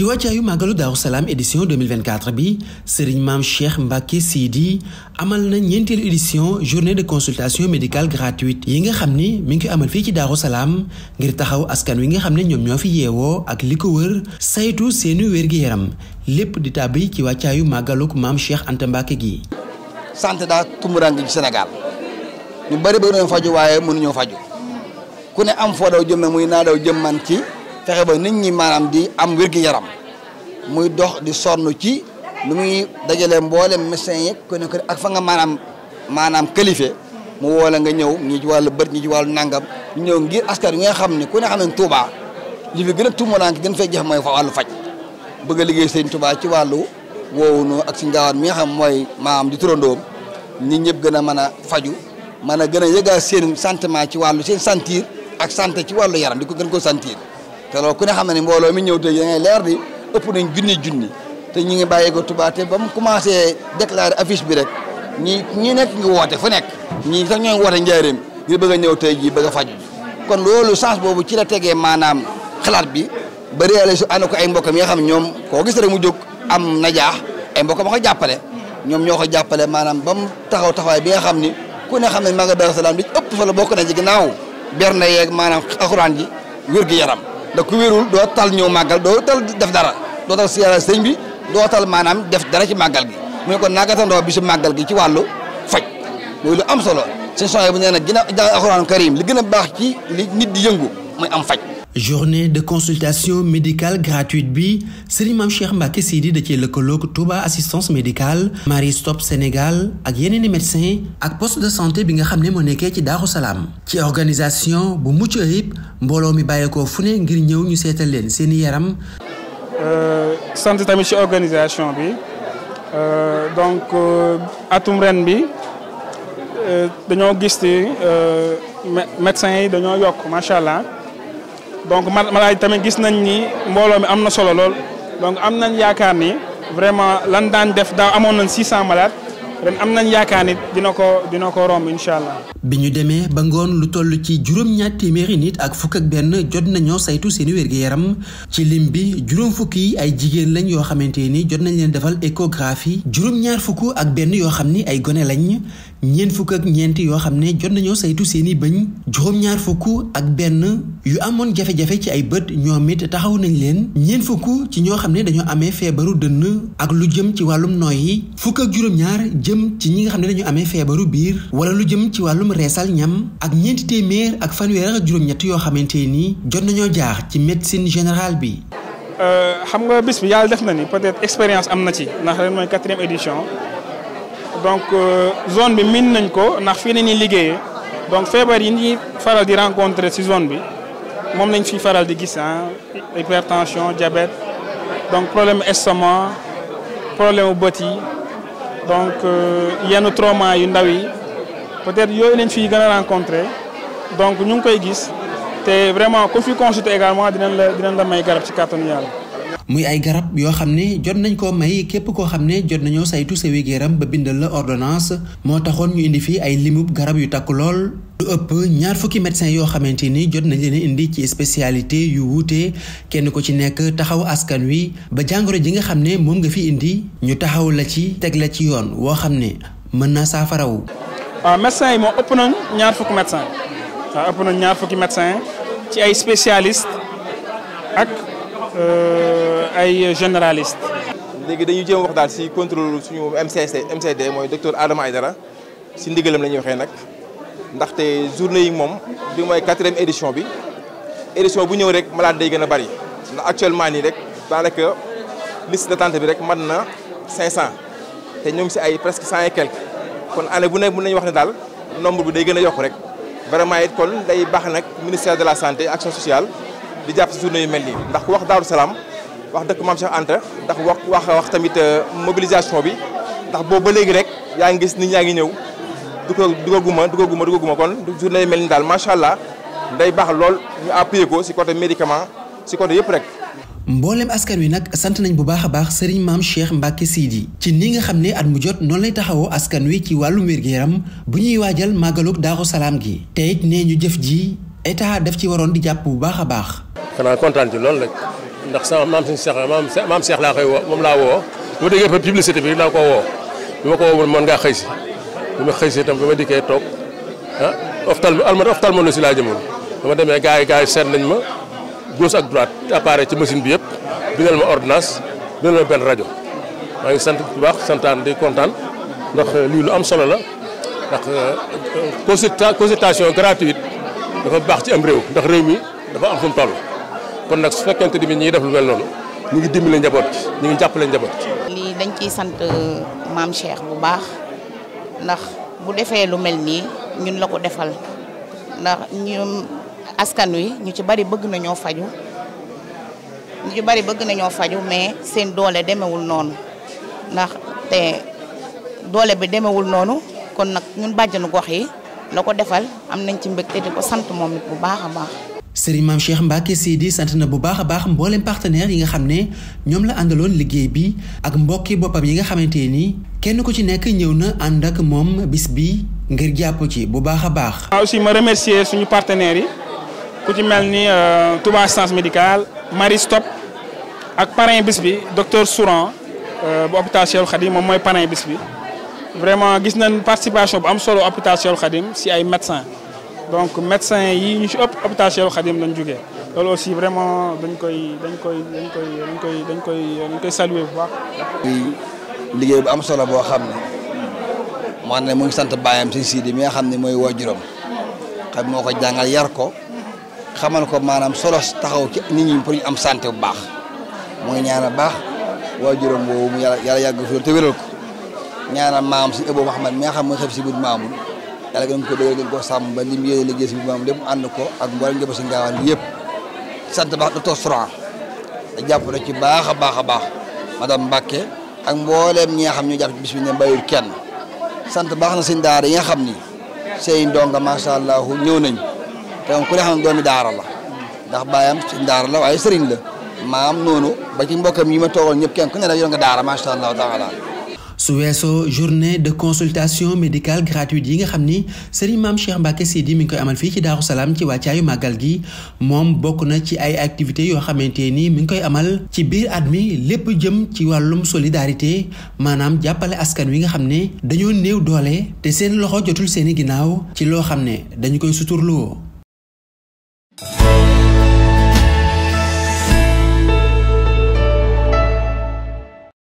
ci wàccaayu màggalu daaru salaam édition 2024 bi sëriñ maam Cheikh Mbacke Sidi amal na ñeenteelu édition journée de consultation médical gratuite yi nga xam ni mu ngi koy amal fii ci daaru salaam ngir taxaw askan wi nga xam ne ñoom ñoo fi yeewoo ak li ko wër saytu seeni wér-gi-yaram lépp di tàbbi ci wàccaayu màggaluk maam Cheikh Anta Mbacke gi. santé daa tumurang ci Sénégal ñu bëri bëgg nañu faju waaye mënuñoo faju ku ne am foo daw jëm na muy naa daw jëm man ci fexe ba nit ñi maanaam di am wér yaram muy dox di sonn ci lu muy dajalee mboolem médecin yeeg ku ne ak fa nga maanaam maanaam qualifié mu woole nga ñëw ñi ci wàllu bët ñi ci wàllu nangam ñu ñëw ngir askan wi nga xam ne ku ne xam ne Touba li fi gën a tuumalaan gën fay jeex mooy fa wàllu faj bëgg liggéey sëñ Touba ci wàllu woowu ak si ngaawaan mi nga xam mooy maam di turandoom nit ñëpp gën a mën a faju mën a gën a yëgaat seen santement ci wàllu seen sentir ak sante ci wàllu yaram di ko gën ko sentir te loolu ku ne xam ne mbooloo mi ñëw tey da leer di ëpp nañ junni junni te ñu ngi bàyyee ko Touba bi rek ñi ñi nekk ngi woote fu nekk ñi sax ñooy woote njaareem ngir bëgg a ñëw tey jii bëgg a faj kon loolu sens boobu ci la tegee maanaam xalaat bi ba réalisé ana ko ay mbokkam yi nga xam ñoom koo gis mu jóg am najaax ay mbokkam ma ko jàppale ñoom ñoo ko jàppale maanaam ba mu taxaw taxawaay bi nga xam ni ku ne xam ne maga Daaru Salaam li ëpp solo bokk na ci ginnaaw ber na yeeg maanaam alxuraan ji wér gi yaram da wérul doo tal ñëw màggal doo tal def dara dootal siyaara sëñ bi dootal maanaam def dara ci màggal gi mu ne ko naagatandoo bi si màggal gi ci wàllu faj mooy lu am solo seen soxna bu nee nag ginnaaw jàng karim li gën a baax ci li nit di yëngu mooy am faj journée de consultation médical gratuite bi Serigne Mame Cheikh Mbacké Sidi da cee lëkkaloog Touba assistance médical Marie Stop Sénégal ak yeneen i médecin ak poste de santé bi nga xam ne moo nekkee ci daaxu Salaam ci organisation bu mucc ayib mbooloo mi bàyyeekoo fu ne ngir ñëw ñu seetal leen seeni yaram Euh, sant tamit si organisation bi euh, donc euh, atum ren bi dañoo gis ni médecins yi dañoo yokk macha allah donc malade tamit gis nañ ni mbooloo mi am na solo lool donc am nañ yaakaar ni vraiment lan daan def daaw amoon nañ 600 malades. ren am nañ yaakaar ni dina ko dina ko romb allah. bi ñu demee ba ngoon lu toll ci juróom-ñaar téeméeri nit ak fukk ak benn jot nañoo saytu seen wér-gu-yaram ci lim bi juróom fukk yi ay jigéen lañ yoo xamante ni jot nañ leen defal échographie juróom-ñaar fukk ak benn yoo xam ni ay gone lañ. ñeent fukk ak ñeent yoo xam ne jot nañoo saytu seeni bëñ juróom-ñaar fukk ak benn yu amoon jafe-jafe ci ay bët ñoom it taxaw nañ leen ñeent fukk ci ñoo xam ne dañoo amee feebaru dënn ak lu jëm ci wàllum nooyi fukk ak juróom-ñaar jëm ci ñi nga xam ne dañu amee feebaru biir wala lu jëm ci wàllum reesal ñam ak ñeenti téeméer ak fanweer ak juróom-ñett yoo xamante nii jot nañoo jaar ci médecine générale bi. Euh, xam nga bis bi yàlla def na ni peut-être expérience am na ci ndax ren mooy donc euh, zone bi miin nañ ko ndax fii la ñuy liggéeyee donc feebar yi ñuy faral di rencontrer ci zone bi moom nañ fi faral di gis ah hypertension diabète donc problème estomac problème mu bët yi donc euh, yenn trauma yu ndaw yi peut-être yooyu nañ fi gën a rencontrer donc ñu ngi koy gis te vraiment ku fi consulter également di la da may garab ci kàttanu yàlla. muy ay garab yoo xam ne jot nañ koo may képp koo xam ne jot nañoo saytu sa wér-gu-yaram ba bindal la ordonnance moo taxoon ñu indi fii ay limub garab yu takku lool lu ëpp ñaar fukki médecin yoo xamante ni jot nañ leen indi ci spécialité yu wuute kenn ko ci nekk taxaw askan wi ba jàngoro ji nga xam ne moom nga fi indi ñu taxaw la ci teg la ci yoon woo xam ne mën naa saafarawu waaw ah, médecin yi moom ëpp nañ ñaar fukki médecin ah, ci ay spécialiste ak Euh, ay généraliste léegi dañu jéem wax daal si contrôle suñu MCC MCD mooy docteur Adama dara si ndigalam lañuy waxee nag ndaxte journée yi moom bi mooy quatrième édition bi édition bu ñëw rek malade day gën a bari ndax actuellement nii rek daanaka de d'attente bi rek mat na 500 te ñoo ngi si ay presque cent et quelques kon année bu nekk mën nañu wax ne daal nombre bi day gën a yokk rek vraiment it kon day baax nag ministère de la santé action social di jàpp si journée yu mel nii ndax ku wax Daaru Salaam wax dëkk Maam Cheikh Anta ndax wax wax wax tamit euh, mobilisation bi ndax boobu ba léegi rek yaa ngi gis nit ñaa ngi ñëw du ko dugaguma dugaguma dugaguma kon journée yu mel nii daal macha allah day baax lool ñu appuyer ko si côté médicament si côté yëpp rek. mboolem askan wi nag sant nañ bu baax a baax sëriñ maam Cheikh Mbacke Sidi ci ni nga xam ne at mu jot noonu lay taxawoo askan wi ci wàllu wér-gu-yaram bu ñuy waajal màggalug Daaru Salaam gi te it ñu jëf ji. état daf ci waroon di jàpp bu baax a baax. xanaa kontaan ci loolu rek ndax sama maam suñu seex maam maam seex laa koy woo moom laa woo bu ma déggee fa publicité bi laa ko woo bi ma ko woo bu ma xëy si bi ma xëy si itam bi ma dikkee toog ah oftal si laa jëmoon ba ma demee gars yi gars yi seet nañ ma gauche ak droite appareil ci machine bi yëpp bindal ma ordonnance bindal ma benn rajo maa ngi sant bu baax santaan di kontaan ndax eh, lii lu am solo la ndax eh, dafa baax ci am réew ndax réew mi dafa am fu mu kon nag su fekkente ni ñuy def lu mel noonu ñu ngi dimbale njaboot ci ñu ngi jàppale njaboot ci. lii dañ ciy sant euh, maam Cheikh bu baax ndax bu defee lu mel nii ñun la ko defal ndax ñun askan wi ñu ci bari bëgg nañoo faju ñu ci bari bëgg nañoo faju mais seen doole demewul noonu ndax te doole bi demewul noonu kon nag ñun bàjjenu gox yi. la ko defal am nañ ci mbégte di ko sant moom it bu baax a baax. sëriñ maam Cheikh Mbacke Seydi sant na bu baax a baax mboolem partenaire yi nga xam ne ñoom la àndaloon liggéey bi ak mbokki boppam yi nga xamante nii kenn ku ci nekk ñëw na ànd ak moom bis bi ngir jàpp ci bu baax a baax. aussi ma remercier suñu partenaires yi ku ci mel ni euh, Touba Assistance Médicale Marie Stop ak parrain bis bi docteur sourant euh, bu hôpital Cheikh Khadim moom mooy parrain bis bi. vraiment gis nañ participation bu am solo hôpital Cheikhoul Khadim si ay médecins donc médecins yi ñu si ëpp hôpital Cheikhoul Khadim lañ loolu aussi vraiment dañ koy dañ koy dañ koy dañ koy dañ koy dañ koy bu baax. liggéey bu am solo boo xam ne moo ne mu ngi sant baayam si Sidi mi nga xam ne mooy waajuram xam moo ko jàngal yar ko xamal ko maanaam solo taxaw ci nit ñi pour ñu am santé bu baax mooy ngi ñaan a baax waajuram boobu mu yàlla yàlla yàgg fi te ko. ñaanal maam si Ebo Mouhamad mi xam mooy xef si biir maamul yàlla gën ko dëggal gën ko sàmm ba li mu yéene liggéey si biir maamul lépp ànd ko ak mboolem njaboot si ngaawaan bi yëpp sant baax docteur Soura da jàpp na ci baax a baax a baax ma madame Mbacke ak mbooleem ñi nga xam ñoo jàpp bi ne bayul kenn sant baax na seen daara yi nga xam ni seen ndonga macha allah ñëw nañ te ku ne xam ne doomi daara la ndax baayam seen daara la waaye sëriñ la maam noonu ba ci mu yi ma toogal ñëpp kenn ku ne la nga daara macha allah taala su weesoo journée de consultation médical gratuite yi nga xam ni sëriñ maam Cheikh Mbacke di mi ngi koy amal fii ci Daaru Salaam ci wàccaayu màggal gi moom bokk na ci ay activités yoo xamante ni mi ngi koy amal ci biir at mi lépp jëm ci wàllum solidarité maanaam jàppale askan wi nga xam ne dañoo néew doole te seen loxo jotul seeni ginnaaw ci loo xam ne dañu koy woo